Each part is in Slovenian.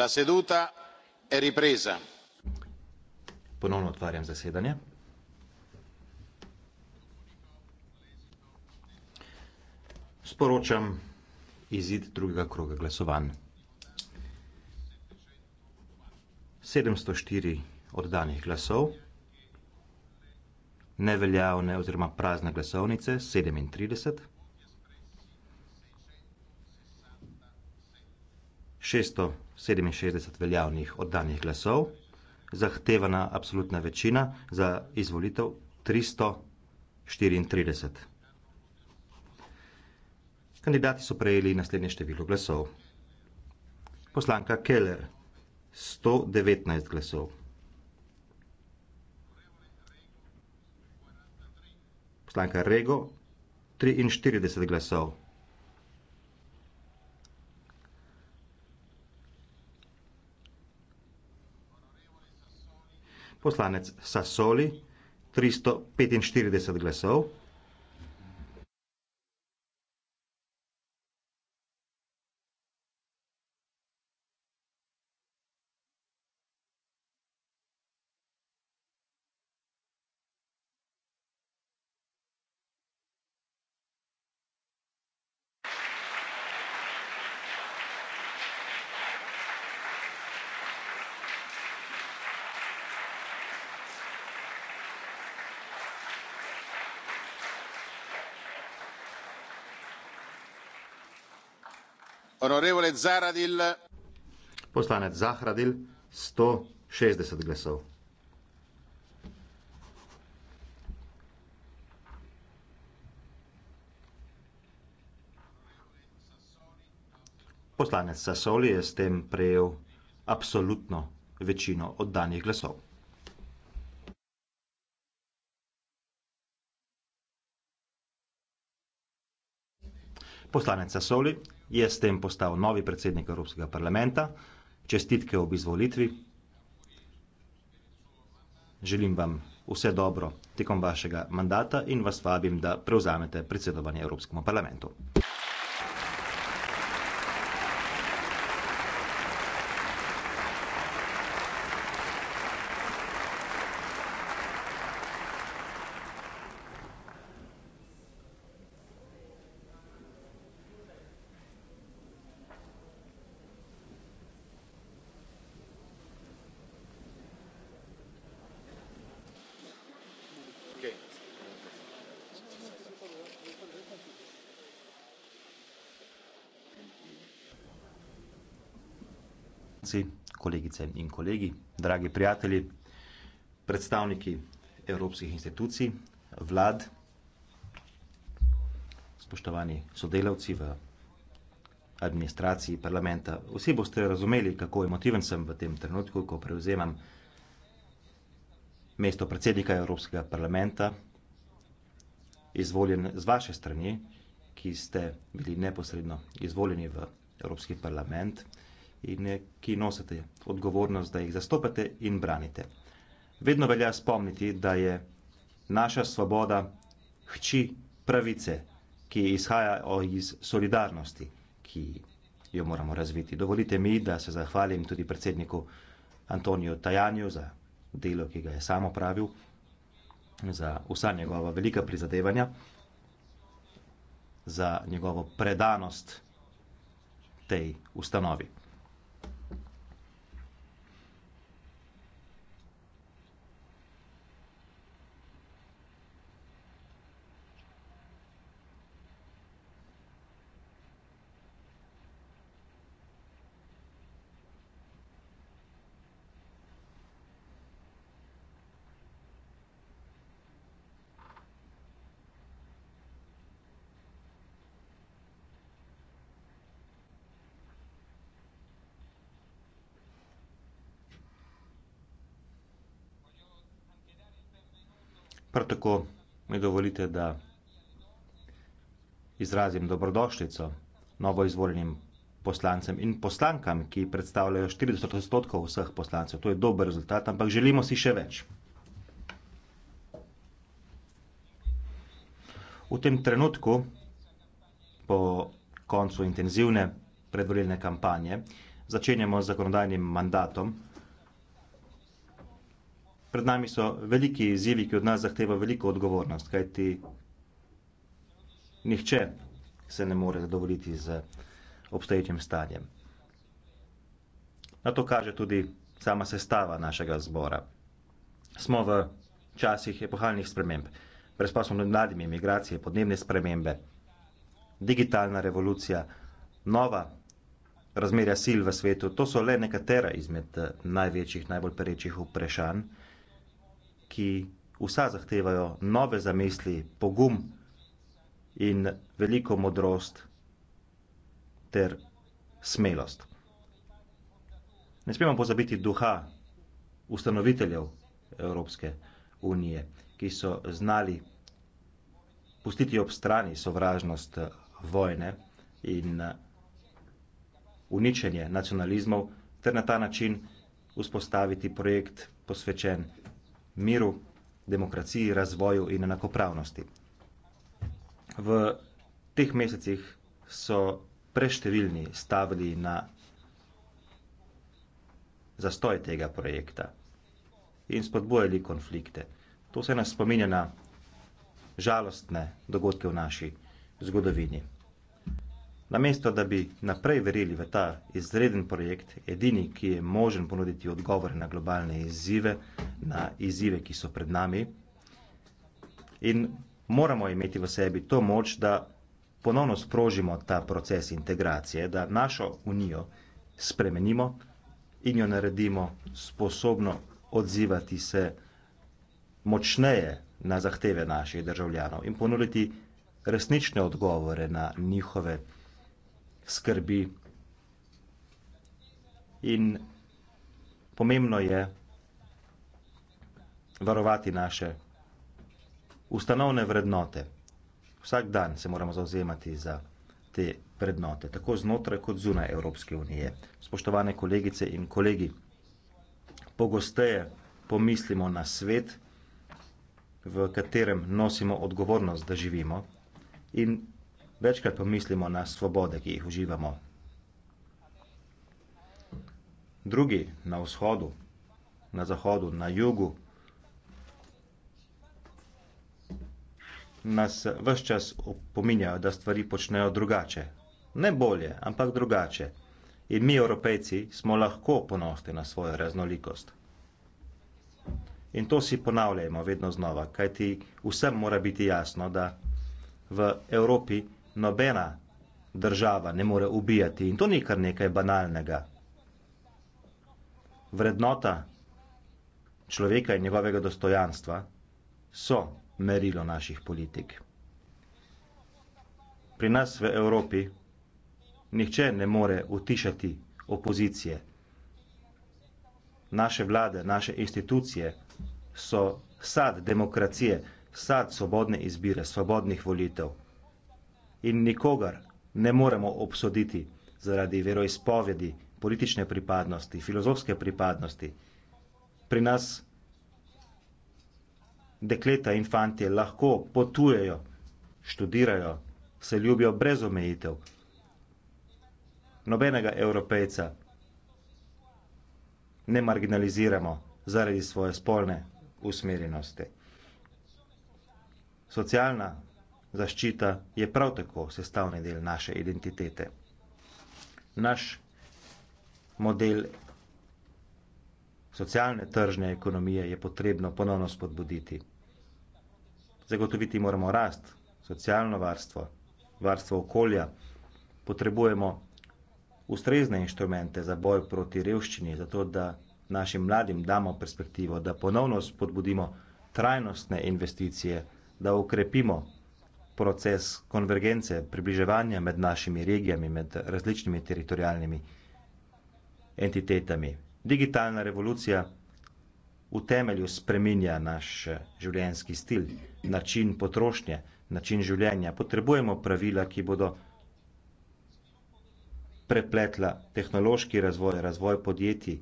la seduta è ripresa ponovno otvarjam zasedanje sporočam izid drugega kroga glasovanj sedemsto štiri oddanih glasov neveljavne oziroma prazne glasovnice sedemintrideset 667 veljavnih oddanih glasov, zahtevana absolutna večina za izvolitev 334. Kandidati so prejeli naslednje število glasov. Poslanka Keller 119 glasov. Poslanka Rego 43 glasov. poslanec Sassoli 345 glasov, Onorevole Zahradil. Poslanec Zahradil, 160 glasov. Poslanec Sasoli je s tem prejel absolutno večino oddanih glasov. Poslanec Sasoli je s tem postal novi predsednik Evropskega parlamenta. Čestitke ob izvolitvi. Želim vam vse dobro tekom vašega mandata in vas vabim, da prevzamete predsedovanje Evropskemu parlamentu. kolegi, dragi prijatelji, predstavniki evropskih institucij, vlad, spoštovani sodelavci v administraciji parlamenta. Vsi boste razumeli, kako emotiven sem v tem trenutku, ko prevzemam mesto predsednika Evropskega parlamenta, izvoljen z vaše strani, ki ste bili neposredno izvoljeni v Evropski parlament, in eh, ki nosite odgovornost, da jih zastopate in branite. Vedno velja spomniti, da je naša svoboda hči pravice, ki izhaja iz solidarnosti, ki jo moramo razviti. Dovolite mi, da se zahvalim tudi predsedniku Antoniju Tajanju za delo, ki ga je samo pravil, za vsa njegova velika prizadevanja, za njegovo predanost tej ustanovi. tako mi dovolite, da izrazim dobrodošljico novo izvoljenim poslancem in poslankam, ki predstavljajo 40 odstotkov vseh poslancev. To je dober rezultat, ampak želimo si še več. V tem trenutku, po koncu intenzivne predvoljene kampanje, začenjamo z zakonodajnim mandatom pred nami so veliki izzivi, ki od nas zahteva veliko odgovornost, kajti nihče se ne more zadovoljiti z obstoječim stanjem. Na to kaže tudi sama sestava našega zbora. Smo v časih epohalnih sprememb, brezposobno nad mladimi, migracije, podnebne spremembe, digitalna revolucija, nova razmerja sil v svetu. To so le nekatera izmed največjih, najbolj perečih vprašanj, ki vsa zahtevajo nove zamisli, pogum in veliko modrost ter smelost. Ne smemo pozabiti duha ustanoviteljev Evropske unije, ki so znali pustiti ob strani sovražnost vojne in eh, uničenje nacionalizmov ter na ta način vzpostaviti projekt posvečen miru, demokraciji, razvoju in enakopravnosti. V teh mesecih so preštevilni stavili na zastoj tega projekta in spodbojali konflikte. To se nas spominja na žalostne dogodke v naši zgodovini. Namesto da bi naprej verjeli v ta izreden projekt, edini, ki je možen ponuditi odgovore na globalne izzive, na izzive, ki so pred nami, in moramo imeti v sebi to moč, da ponovno sprožimo ta proces integracije, da našo unijo spremenimo in jo naredimo sposobno odzivati se močneje na zahteve naših državljanov in ponuditi resnične odgovore na njihove skrbi. In pomembno je varovati naše ustanovne vrednote. Vsak dan se moramo zauzemati za te vrednote, tako znotraj kot zunaj Evropske unije. Spoštovane kolegice in kolegi, pogosteje pomislimo na svet, v katerem nosimo odgovornost, da živimo in večkrat pomislimo na svobode, ki jih uživamo. Drugi na vzhodu, na zahodu, na jugu, nas vse čas opominjajo, da stvari počnejo drugače. Ne bolje, ampak drugače. In mi, evropejci, smo lahko ponosni na svojo raznolikost. In to si ponavljajmo vedno znova, kajti vsem mora biti jasno, da v Evropi nobena država ne more ubijati. In to ni kar nekaj banalnega. Vrednota človeka in njegovega dostojanstva so merilo naših politik. Pri nas v Evropi nihče ne more utišati opozicije. Naše vlade, naše institucije so sad demokracije, sad svobodne izbire, svobodnih volitev in nikogar ne moremo obsoditi zaradi veroizpovedi, politične pripadnosti, filozofske pripadnosti. Pri nas dekleta in fantje lahko potujejo, študirajo, se ljubijo brez omejitev. Nobenega evropejca ne marginaliziramo zaradi svoje spolne usmerjenosti. Socialna Zaščita je prav tako sestavni del naše identitete. Naš model socialne tržne ekonomije je potrebno ponovno spodbuditi. Zagotoviti moramo rast, socialno varstvo, varstvo okolja. Potrebujemo ustrezne inštrumente za boj proti revščini, zato da našim mladim damo perspektivo, da ponovno spodbudimo trajnostne investicije, da ukrepimo proces konvergence, približevanja med našimi regijami, med različnimi teritorijalnimi entitetami. Digitalna revolucija v temelju spreminja naš življenjski stil, način potrošnje, način življenja. Potrebujemo pravila, ki bodo prepletla tehnološki razvoj, razvoj podjetij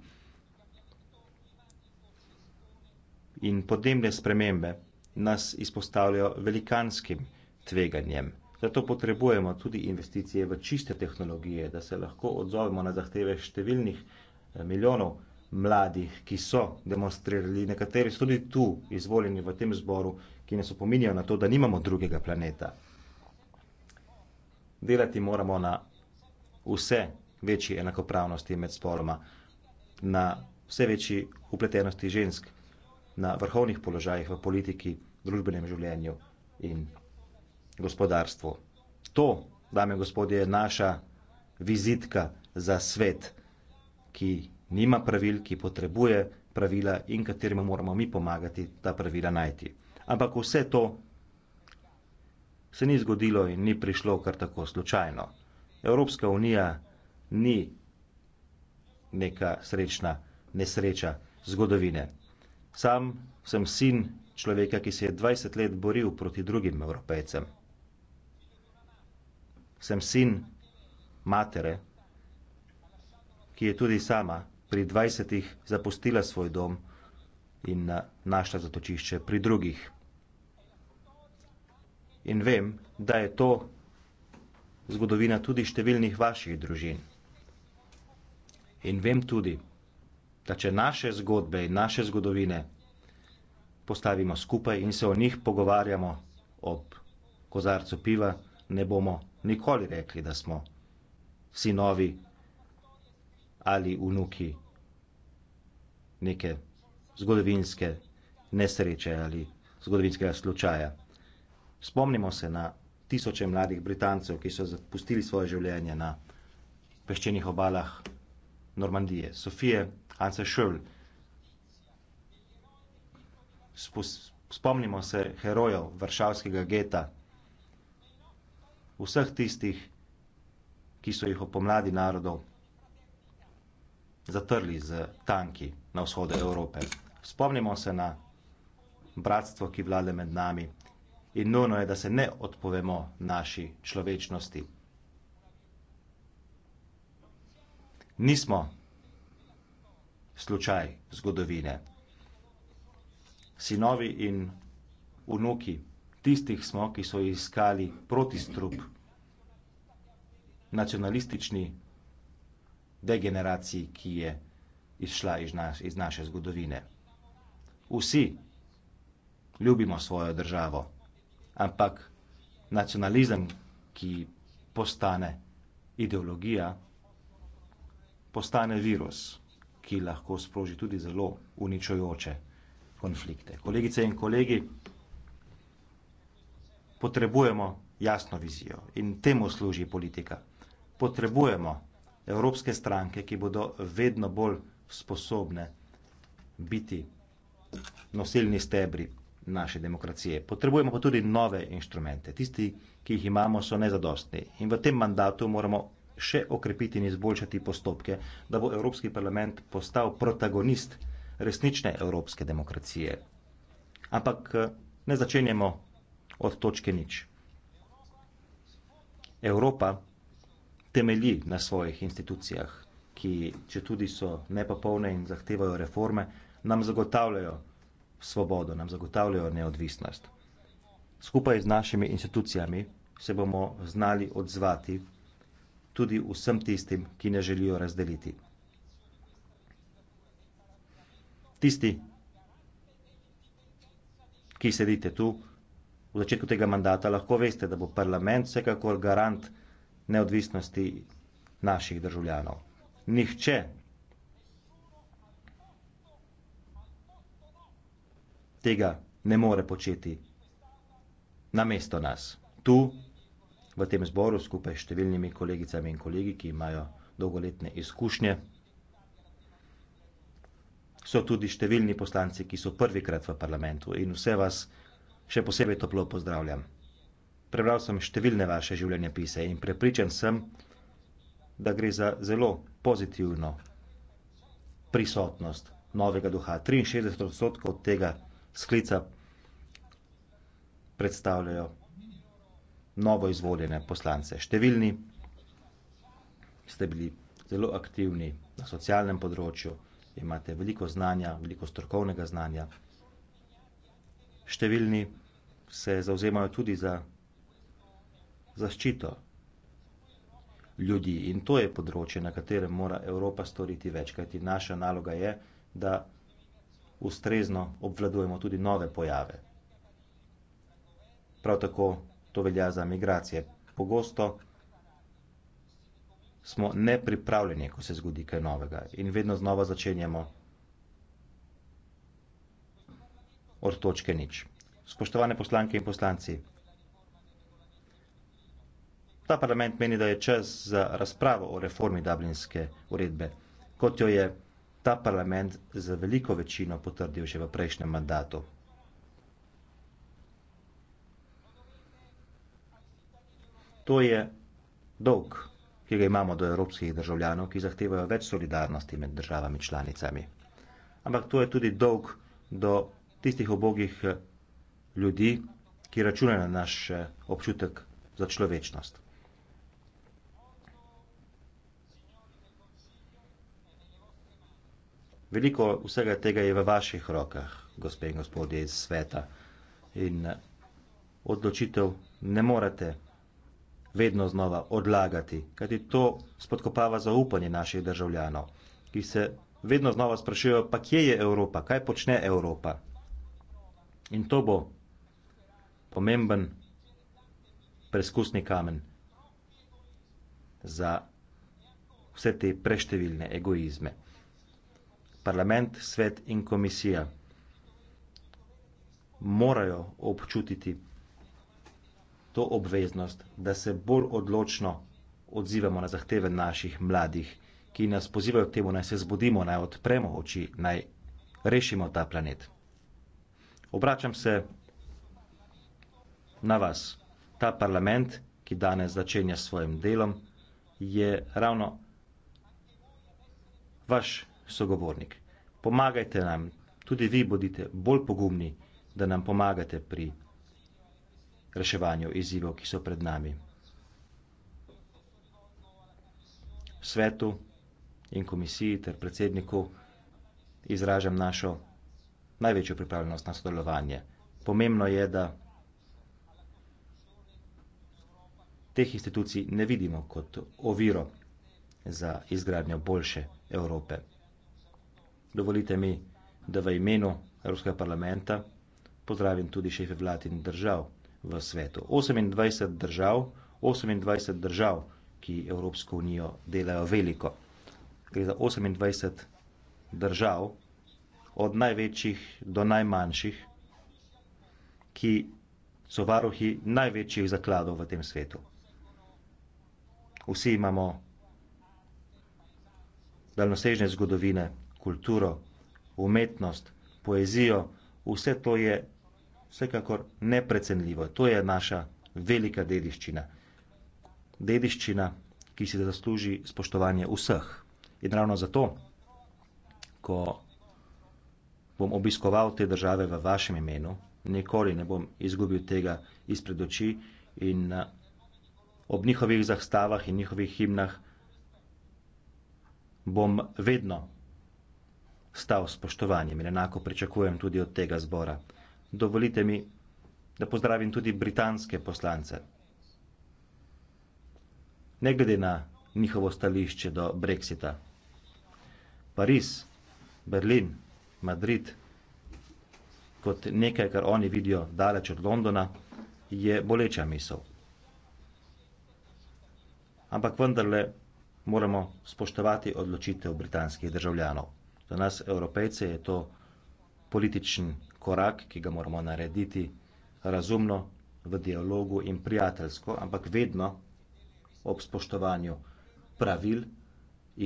in podnebne spremembe nas izpostavljajo velikanskim tveganjem. Zato potrebujemo tudi investicije v čiste tehnologije, da se lahko odzovemo na zahteve številnih eh, milijonov mladih, ki so demonstrirali, nekateri so tudi tu izvoljeni v tem zboru, ki nas opominjajo na to, da nimamo drugega planeta. Delati moramo na vse večji enakopravnosti med spoloma, na vse večji upletenosti žensk, na vrhovnih položajih v politiki, družbenem življenju in gospodarstvu. To, dame in gospodje, je naša vizitka za svet, ki nima pravil, ki potrebuje pravila in katerima moramo mi pomagati ta pravila najti. Ampak vse to se ni zgodilo in ni prišlo kar tako slučajno. Evropska unija ni neka srečna nesreča zgodovine. Sam sem sin človeka, ki se je 20 let boril proti drugim evropejcem sem sin matere, ki je tudi sama pri dvajsetih zapustila svoj dom in eh, našla zatočišče pri drugih. In vem, da je to zgodovina tudi številnih vaših družin. In vem tudi, da če naše zgodbe in naše zgodovine postavimo skupaj in se o njih pogovarjamo ob kozarcu piva, ne bomo nikoli rekli, da smo sinovi ali vnuki neke zgodovinske nesreče ali zgodovinskega slučaja. Spomnimo se na tisoče mladih Britancev, ki so zapustili svoje življenje na peščenih obalah Normandije. Sofije Hansa Schull. Spomnimo se herojev Varšavskega geta, vseh tistih, ki so jih opomladi narodov zatrli z tanki na vzhode Evrope. Spomnimo se na bratstvo, ki vlade med nami in nujno je, da se ne odpovemo naši človečnosti. Nismo slučaj zgodovine. Sinovi in vnuki tistih smo, ki so iskali protistrup nacionalistični degeneraciji, ki je izšla iz, naš, iz naše zgodovine. Vsi ljubimo svojo državo, ampak nacionalizem, ki postane ideologija, postane virus, ki lahko sproži tudi zelo uničujoče konflikte. Kolegice in kolegi, potrebujemo jasno vizijo in temu služi politika. Potrebujemo evropske stranke, ki bodo vedno bolj sposobne biti nosilni stebri naše demokracije. Potrebujemo pa tudi nove inštrumente. Tisti, ki jih imamo, so nezadostni. In v tem mandatu moramo še okrepiti in izboljšati postopke, da bo Evropski parlament postal protagonist resnične evropske demokracije. Ampak eh, ne začenjamo od točke nič. Evropa temelji na svojih institucijah, ki, če tudi so nepopolne in zahtevajo reforme, nam zagotavljajo svobodo, nam zagotavljajo neodvisnost. Skupaj z našimi institucijami se bomo znali odzvati tudi vsem tistim, ki ne želijo razdeliti. Tisti, ki sedite tu, v začetku tega mandata lahko veste, da bo parlament vsekakor garant neodvisnosti naših državljanov. Nihče tega ne more početi na mesto nas. Tu, v tem zboru, skupaj s številnimi kolegicami in kolegi, ki imajo dolgoletne izkušnje, so tudi številni poslanci, ki so prvikrat v parlamentu in vse vas še posebej toplo pozdravljam. Prebral sem številne vaše življenjepise in prepričan sem, da gre za zelo pozitivno prisotnost novega duha. 63 odstotkov tega sklica predstavljajo novo izvoljene poslance. Številni ste bili zelo aktivni na socialnem področju, imate veliko znanja, veliko strokovnega znanja številni se zauzemajo tudi za zaščito ljudi. In to je področje, na katerem mora Evropa storiti več, kajti naša naloga je, da ustrezno obvladujemo tudi nove pojave. Prav tako to velja za migracije. Pogosto smo nepripravljeni, ko se zgodi kaj novega in vedno znova začenjamo. od točke nič. Spoštovane poslanke in poslanci, ta parlament meni, da je čas za razpravo o reformi Dublinske uredbe, kot jo je ta parlament za veliko večino potrdil že v prejšnjem mandatu. To je dolg, ki ga imamo do evropskih državljanov, ki zahtevajo več solidarnosti med državami članicami. Ampak to je tudi dolg do tistih obogih eh, ljudi, ki računajo na naš eh, občutek za človečnost. Veliko vsega tega je v vaših rokah, gospe in gospodje iz sveta, in eh, odločitev ne morete vedno znova odlagati, kajti to spodkopava zaupanje naših državljanov, ki se vedno znova sprašujejo, pa kje je Evropa, kaj počne Evropa, in to bo pomemben preskusni kamen za vse te preštevilne egoizme. Parlament, svet in komisija morajo občutiti to obveznost, da se bolj odločno odzivamo na zahteve naših mladih, ki nas pozivajo k temu, naj se zbudimo, naj odpremo oči, naj rešimo ta planet. Obračam se na vas. Ta parlament, ki danes začenja s svojim delom, je ravno vaš sogovornik. Pomagajte nam, tudi vi bodite bolj pogumni, da nam pomagate pri reševanju izzivov, ki so pred nami. Svetu in komisiji ter predsedniku izražam našo največjo pripravljenost na sodelovanje. Pomembno je, da teh institucij ne vidimo kot oviro za izgradnjo boljše Evrope. Dovolite mi, da v imenu Evropskega parlamenta pozdravim tudi šefe vlad in držav v svetu. 28 držav, 28 držav, ki Evropsko unijo delajo veliko. Gre za 28 držav, od največjih do najmanjših, ki so varuhi največjih zakladov v tem svetu. Vsi imamo daljnosežne zgodovine, kulturo, umetnost, poezijo, vse to je vsekakor neprecenljivo. To je naša velika dediščina. Dediščina, ki si zasluži spoštovanje vseh. In ravno zato, ko bom obiskoval te države v vašem imenu, nikoli ne bom izgubil tega izpred oči in eh, ob njihovih zahstavah in njihovih himnah bom vedno stal s spoštovanjem in enako pričakujem tudi od tega zbora. Dovolite mi, da pozdravim tudi britanske poslance. Ne glede na njihovo stališče do Brexita. Paris, Berlin, Madrid kot nekaj, kar oni vidijo daleč od Londona, je boleča misel. Ampak vendarle moramo spoštovati odločitev britanskih državljanov. Za nas, evropejce, je to političen korak, ki ga moramo narediti razumno, v dialogu in prijateljsko, ampak vedno ob spoštovanju pravil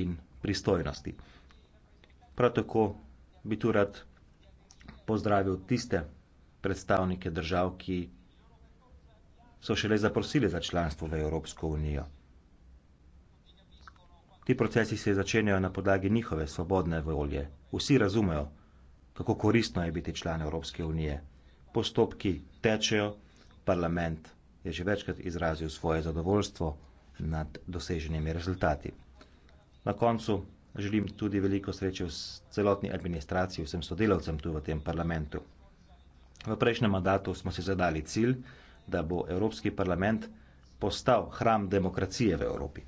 in pristojnosti. Prav tako bi tu rad pozdravil tiste predstavnike držav, ki so šele zaprosili za članstvo v Evropsko unijo. Ti procesi se začenjajo na podlagi njihove svobodne volje. Vsi razumejo, kako koristno je biti član Evropske unije. Postopki tečejo, parlament je že večkrat izrazil svoje zadovoljstvo nad doseženimi rezultati. Na koncu Želim tudi veliko sreče v celotni administraciji, vsem sodelavcem tu v tem parlamentu. V prejšnjem mandatu smo si zadali cilj, da bo Evropski parlament postal hram demokracije v Evropi.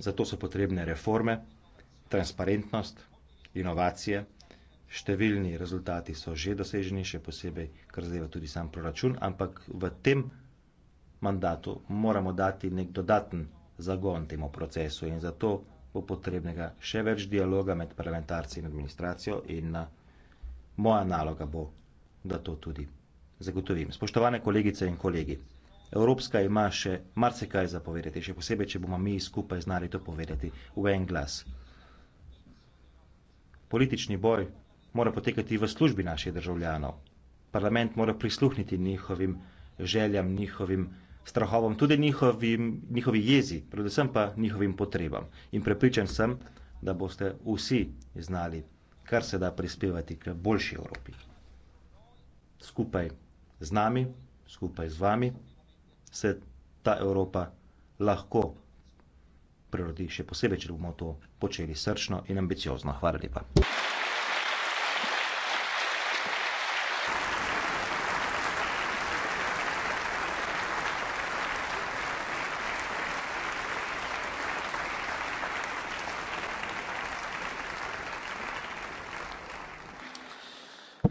Zato so potrebne reforme, transparentnost, inovacije. Številni rezultati so že doseženi, še posebej, kar zadeva tudi sam proračun, ampak v tem mandatu moramo dati nek dodaten zagon temu procesu in zato bo potrebnega še več dialoga med parlamentarci in administracijo in uh, moja naloga bo, da to tudi zagotovim. Spoštovane kolegice in kolegi, Evropska ima še marsikaj za povedati, še posebej, če bomo mi skupaj znali to povedati v en glas. Politični boj mora potekati v službi naših državljanov. Parlament mora prisluhniti njihovim željam, njihovim uh, strahovom, tudi njihovim, njihovi jezi, predvsem pa njihovim potrebam. In prepričan sem, da boste vsi znali, kar se da prispevati k boljši Evropi. Skupaj z nami, skupaj z vami, se ta Evropa lahko prerodi, še posebej, če bomo to počeli srčno in ambiciozno. Hvala lepa.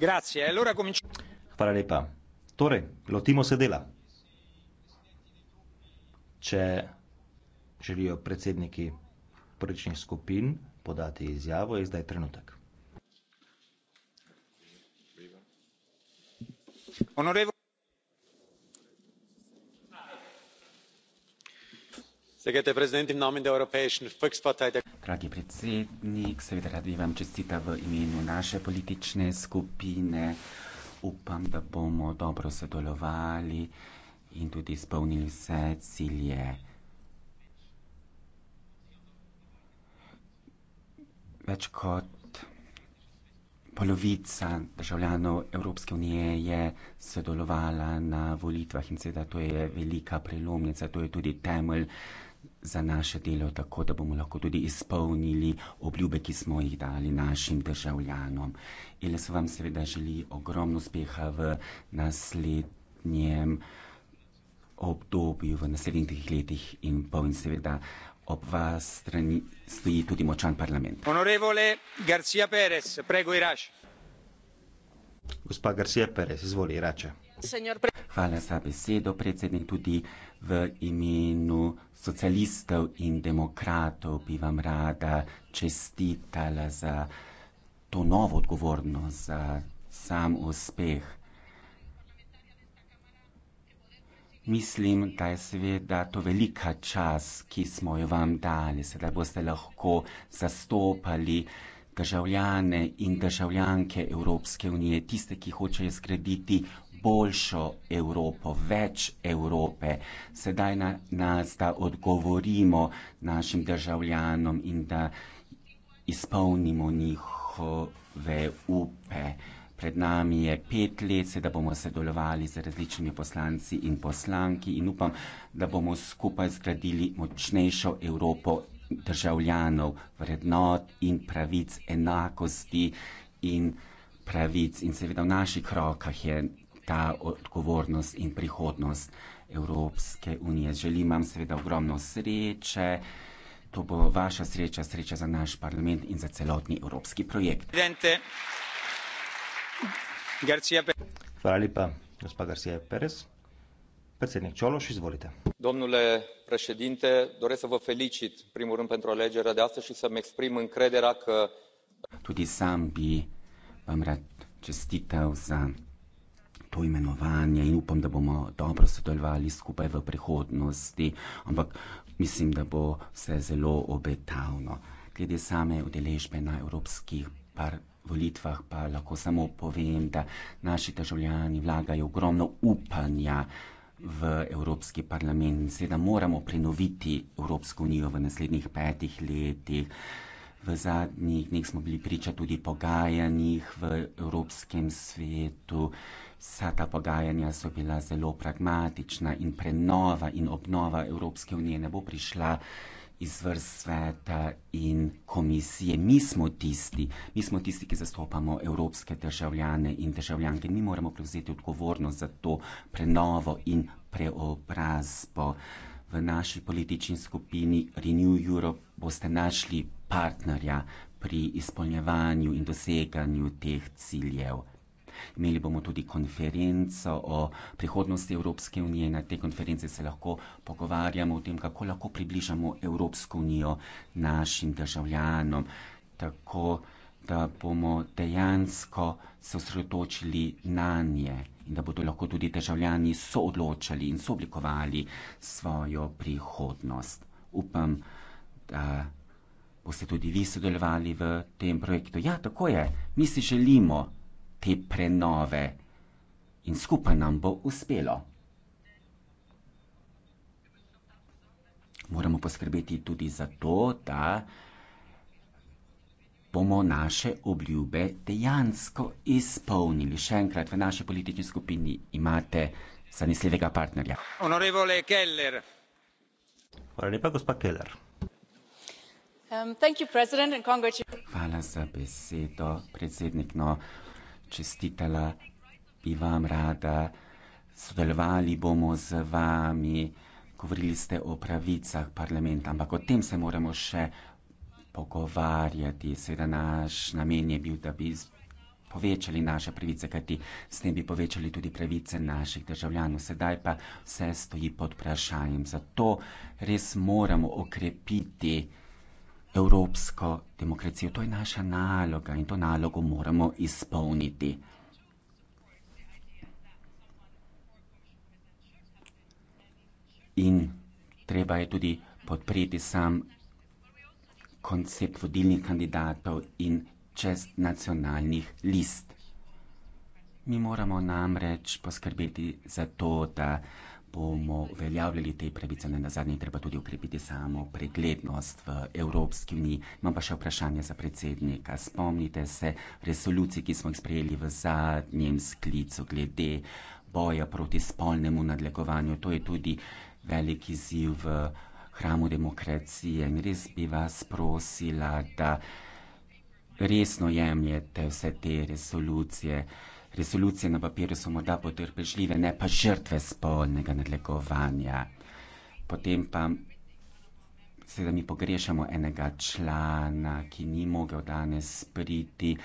Hvala lepa. Torej, lotimo se dela. Če želijo predsedniki političnih skupin podati izjavo, je zdaj trenutek. dragi predsednik seveda radi vam čestitam v imenu naše politične skupine upam da bomo dobro sodelovali in tudi izpolnili vse cilje več kot polovica državljanov Evropske unije je sodelovala na volitvah in seveda to je velika prelomnica to je tudi temelj za naše delo, tako da bomo lahko tudi izpolnili obljube, ki smo jih dali našim državljanom. ILS vam seveda želi ogromno uspeha v naslednjem obdobju, v naslednjih dveh letih in pol in seveda ob vas strani stoji tudi močan parlament. Honorevole Garcia Perez, prego Iraš. Gospa Garcia Perez, izvoli Irače. Hvala za besedo, predsednik. Tudi v imenu socialistov in demokratov bi vam rada čestitala za to novo odgovornost, za sam uspeh. Mislim, da je seveda to velika čast, ki smo jo vam dali, sedaj boste lahko zastopali državljane in državljanke Evropske unije, tiste, ki hočejo zgraditi boljšo Evropo, več Evrope. Sedaj na nas, da odgovorimo našim državljanom in da izpolnimo njihove upe. Pred nami je pet let, se da bomo sodelovali z različnimi poslanci in poslanki in upam, da bomo skupaj zgradili močnejšo Evropo državljanov, vrednot in pravic, enakosti in pravic. In seveda v naših rokah je ta odgovornost in prihodnost Evropske unije. Želim vam seveda ogromno sreče. To bo vaša sreča, sreča za naš parlament in za celotni evropski projekt. Hvala lepa, gospa Garcia Perez. Predsednik Čološ, izvolite. Domnule președinte, doresc să vă felicit primul rând pentru alegerea de astăzi și să-mi exprim încrederea că... Tudi sam bi vam rad čestitev za to imenovanje in upam, da bomo dobro sodelovali skupaj v prihodnosti, ampak mislim, da bo vse zelo obetavno. Glede same udeležbe na evropskih par volitvah pa lahko samo povem, da naši državljani vlagajo ogromno upanja v Evropski parlament in seveda moramo prenoviti Evropsko unijo v naslednjih petih letih v zadnjih dneh smo bili priča tudi pogajanjih v evropskem svetu. Vsa ta pogajanja so bila zelo pragmatična in prenova in obnova Evropske unije ne bo prišla iz vrst sveta in komisije. Mi smo tisti, mi smo tisti, ki zastopamo evropske državljane in državljanke. Mi moramo prevzeti odgovornost za to prenovo in preobrazbo. V naši politični skupini Renew Europe boste našli partnerja pri izpolnjevanju in doseganju teh ciljev. Imeli bomo tudi konferenco o prihodnosti Evropske unije. Na tej konferenci se lahko pogovarjamo o tem, kako lahko približamo Evropsko unijo našim državljanom, tako da bomo dejansko se osredotočili na nje in da bodo lahko tudi državljani soodločali in sooblikovali svojo prihodnost. Upam, da boste tudi vi sodelovali v tem projektu. Ja, tako je, mi si želimo te prenove in skupaj nam bo uspelo. Moramo poskrbeti tudi za to, da bomo naše obljube dejansko izpolnili. Še enkrat, v naši politični skupini imate zanesljivega partnerja. Honorevole Keller. Hvala lepa, gospa Keller. Um, Hvala za besedo, predsednik. No, čestitala bi vam rada, sodelovali bomo z vami, govorili ste o pravicah parlamenta, ampak o tem se moramo še pogovarjati. Seveda naš namen je bil, da bi povečali naše pravice, kajti s tem bi povečali tudi pravice naših državljanov. Sedaj pa vse stoji pod vprašajem, zato res moramo okrepiti evropsko demokracijo. To je naša naloga in to nalogo moramo izpolniti. In treba je tudi podpreti sam koncept vodilnih kandidatov in čez nacionalnih list. Mi moramo namreč poskrbeti za to, da bomo uveljavljali te pravice, ne nazadnje, treba tudi ukrepiti samo preglednost v Evropski uniji. Imam pa še vprašanje za predsednika. Spomnite se resolucije, ki smo jih sprejeli v zadnjem sklicu glede boja proti spolnemu nadlegovanju. To je tudi velik izziv v hramu demokracije in res bi vas prosila, da resno jemljete vse te resolucije resolucije na papirju so morda potrpežljive, ne pa žrtve spolnega nadlegovanja. Potem pa seveda mi pogrešamo enega člana, ki ni mogel danes priti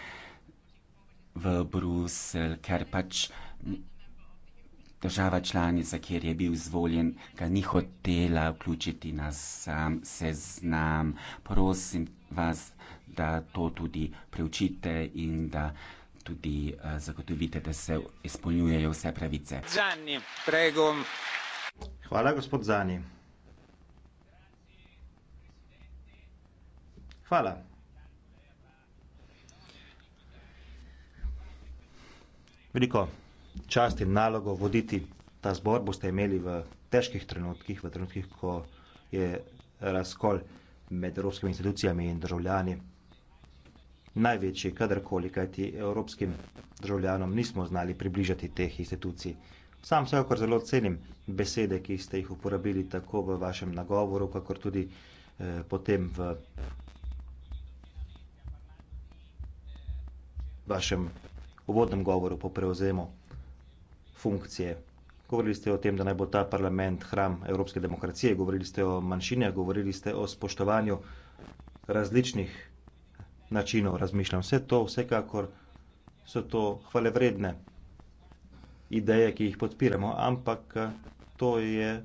v Brusel, ker pač država članica, kjer je bil izvoljen, ga ni hotela vključiti na sam seznam. Prosim vas, da to tudi preučite in da tudi uh, zagotovite, da se izpolnjujejo vse pravice. Zani, Hvala, gospod Zani. Hvala. Veliko čast in nalogo voditi ta zbor boste imeli v težkih trenutkih, v trenutkih, ko je razkol med evropskimi institucijami in državljani največji, kadarkoli, kajti evropskim državljanom nismo znali približati teh institucij. Sam vsekakor zelo cenim besede, ki ste jih uporabili tako v vašem nagovoru, kakor tudi eh, potem v vašem uvodnem govoru po prevzemu funkcije. Govorili ste o tem, da naj bo ta parlament hram evropske demokracije, govorili ste o manjšinjah, govorili ste o spoštovanju različnih načinov razmišljam. Vse to, vsekakor so to hvale vredne ideje, ki jih podpiramo, ampak eh, to je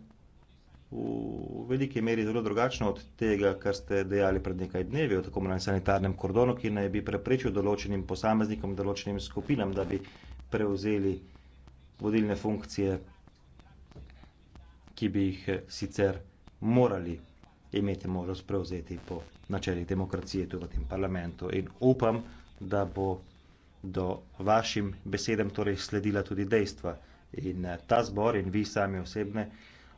v veliki meri zelo drugačno od tega, kar ste dejali pred nekaj dnevi o tako imenovanem sanitarnem kordonu, ki naj bi preprečil določenim posameznikom, določenim skupinam, da bi prevzeli vodilne funkcije, ki bi jih eh, sicer morali imeti možnost prevzeti po načeli demokracije tudi v tem parlamentu. In upam, da bo do vašim besedem torej sledila tudi dejstva. In eh, ta zbor in vi sami osebne,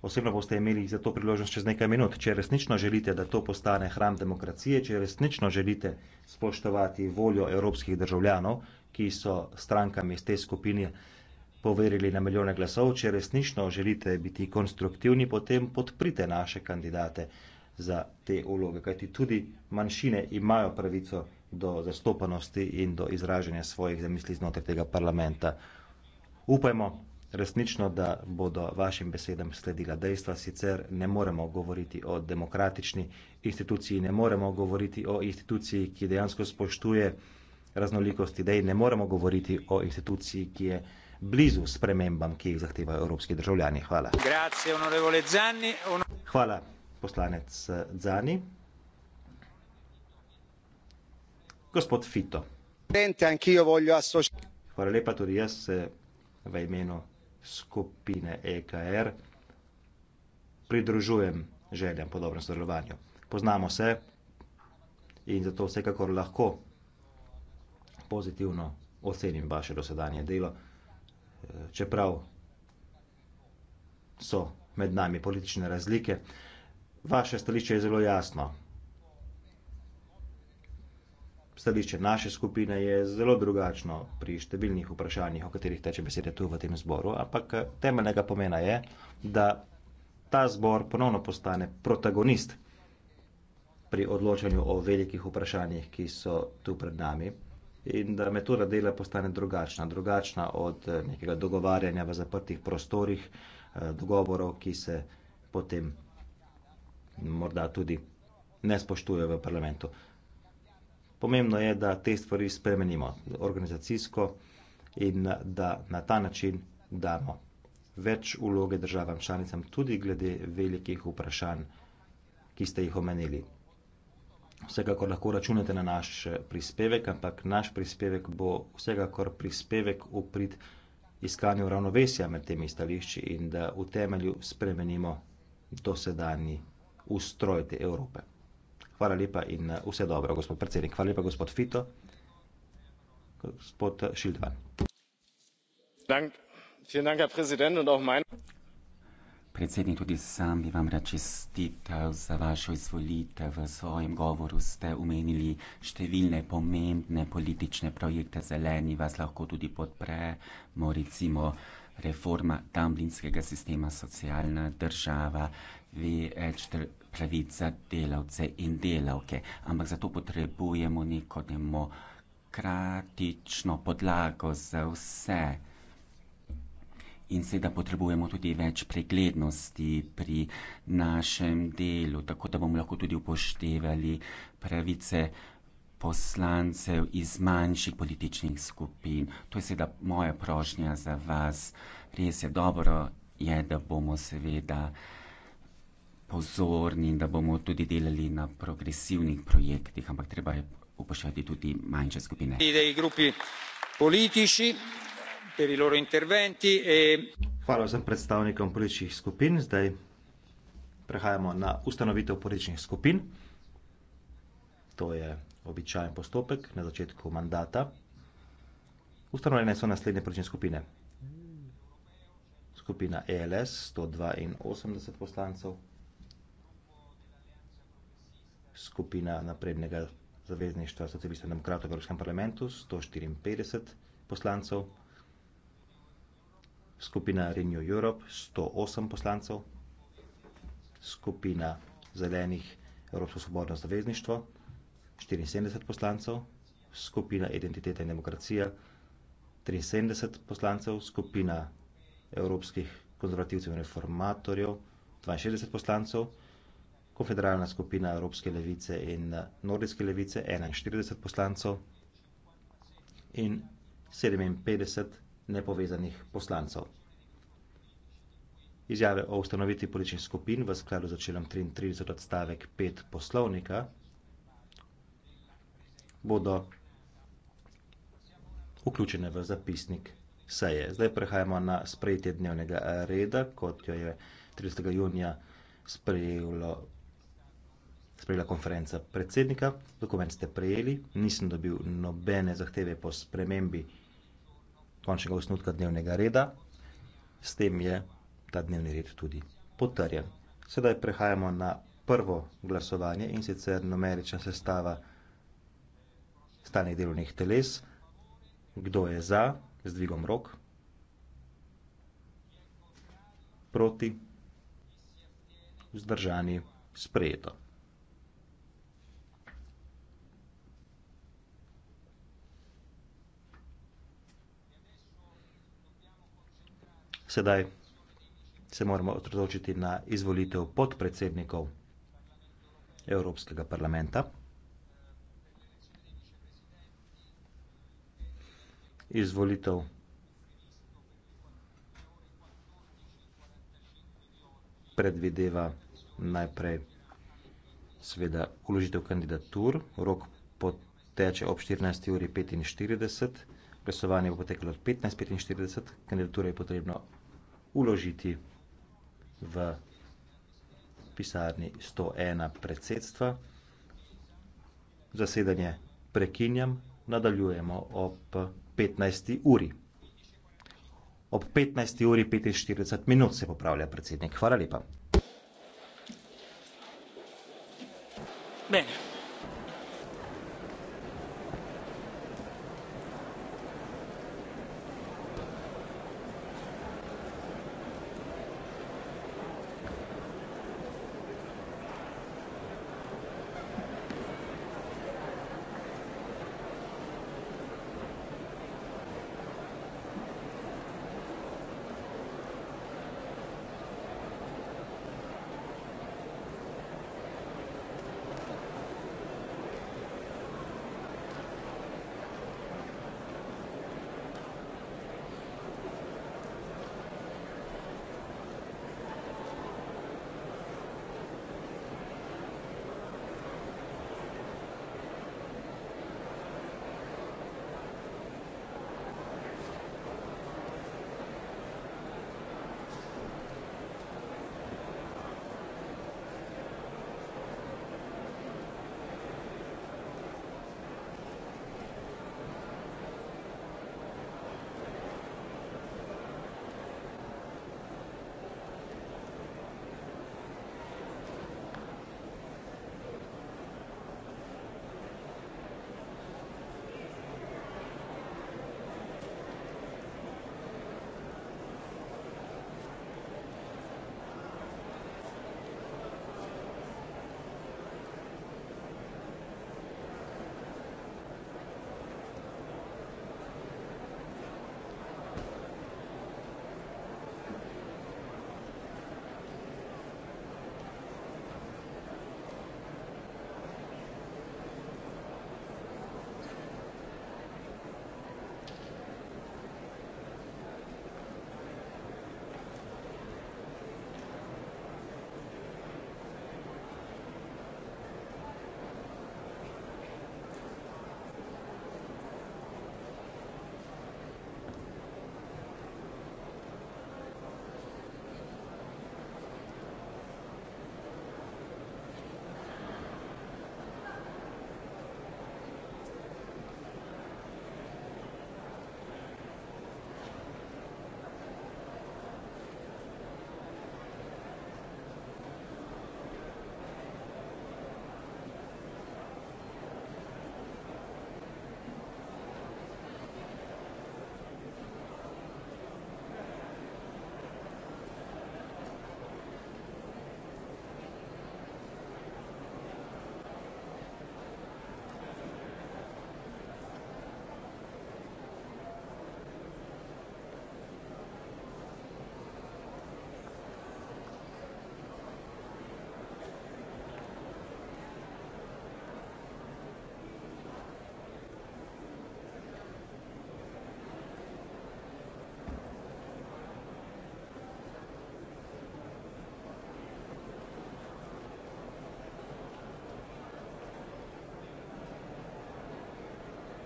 osebno boste imeli za to priložnost čez nekaj minut. Če resnično želite, da to postane hram demokracije, če resnično želite spoštovati voljo evropskih državljanov, ki so strankami iz te skupine poverili na milijone glasov, če resnično želite biti konstruktivni, potem podprite naše kandidate za te vloge. Kajti tudi manjšine imajo pravico do zastopanosti in do izražanja svojih zamisli znotraj tega parlamenta. Upajmo resnično, da bodo vašim besedam sledila dejstva, sicer ne moremo govoriti o demokratični instituciji, ne moremo govoriti o instituciji, ki dejansko spoštuje raznolikost idej, ne moremo govoriti o instituciji, ki je blizu spremembam, ki jih zahtevajo evropski državljani. Hvala. Grazie, Hvala poslanec eh, Zani. Gospod Fito. Hvala lepa, tudi jaz se v imenu skupine EKR pridružujem željam po dobrem sodelovanju. Poznamo se in zato vsekakor lahko pozitivno ocenim vaše dosedanje delo, eh, čeprav so med nami politične razlike vaše stališče je zelo jasno. Stališče naše skupine je zelo drugačno pri številnih vprašanjih, o katerih teče beseda tu v tem zboru, ampak eh, temeljnega pomena je, da ta zbor ponovno postane protagonist pri odločanju o velikih vprašanjih, ki so tu pred nami in da metoda dela postane drugačna, drugačna od eh, nekega dogovarjanja v zaprtih prostorih, eh, dogovorov, ki se potem morda tudi ne spoštujejo v parlamentu. Pomembno je, da te stvari spremenimo organizacijsko in da na ta način damo več uloge državam članicam tudi glede velikih vprašanj, ki ste jih omenili. Vsekakor lahko računate na naš prispevek, ampak naš prispevek bo vsekakor prispevek uprit iskanju ravnovesja med temi stališči in da v temelju spremenimo dosedanji ustroj te Evrope. Hvala lepa in uh, vse dobro, gospod predsednik. Hvala lepa, gospod Fito. Gospod Šildvan. Predsednik, tudi sam bi vam rad čestital za vašo izvolitev. V svojem govoru ste omenili številne pomembne politične projekte. Zeleni vas lahko tudi podpremo, recimo reforma tamblinskega sistema, socialna država, več eh, pravic za delavce in delavke. Ampak zato potrebujemo neko demokratično podlago za vse. In seveda potrebujemo tudi več preglednosti pri našem delu, tako da bomo lahko tudi upoštevali pravice poslancev iz manjših političnih skupin. To je seveda moja prošnja za vas. Res je dobro, je, da bomo seveda pozorni in da bomo tudi delali na progresivnih projektih, ampak treba je upoštevati tudi manjše skupine. E Hvala vsem predstavnikom političnih skupin. Zdaj prehajamo na ustanovitev političnih skupin. To je običajen postopek na začetku mandata. Ustanovljene so naslednje politične skupine. Skupina ELS 182 poslancev, skupina naprednega zavezništva socialistov in demokratov v Evropskem parlamentu 154 poslancev, skupina Renew Europe 108 poslancev, skupina zelenih Evropsko svobodno zavezništvo 74 poslancev, skupina Identiteta in demokracija 73 poslancev, skupina evropskih konzervativcev in reformatorjev 62 poslancev, konfederalna skupina Evropske levice in eh, Nordijske levice 41 poslancev in 57 nepovezanih poslancev. Izjave o ustanovitvi političnih skupin v skladu z začelom 33 odstavek 5 poslovnika bodo vključene v zapisnik seje. Zdaj prehajamo na sprejetje dnevnega reda, kot jo je 30. junija sprejelo sprejela konferenca predsednika. Dokument ste prejeli, nisem dobil nobene zahteve po spremembi končnega osnutka dnevnega reda. S tem je ta dnevni red tudi potrjen. Sedaj prehajamo na prvo glasovanje in sicer numerična sestava stanje delovnih teles, kdo je za, z dvigom rok, proti, vzdržani, sprejeto. Sedaj se moramo otrdočiti na izvolitev podpredsednikov Evropskega parlamenta. izvolitev predvideva najprej seveda vložitev kandidatur. Rok poteče ob 14.45 uri, glasovanje bo poteklo ob 15.45, kandidature je potrebno uložiti v pisarni 101 predsedstva. Zasedanje prekinjam, nadaljujemo ob 15.45. 15. uri. Ob 15. uri 45 minut se popravlja predsednik. Hvala lepa. Bene.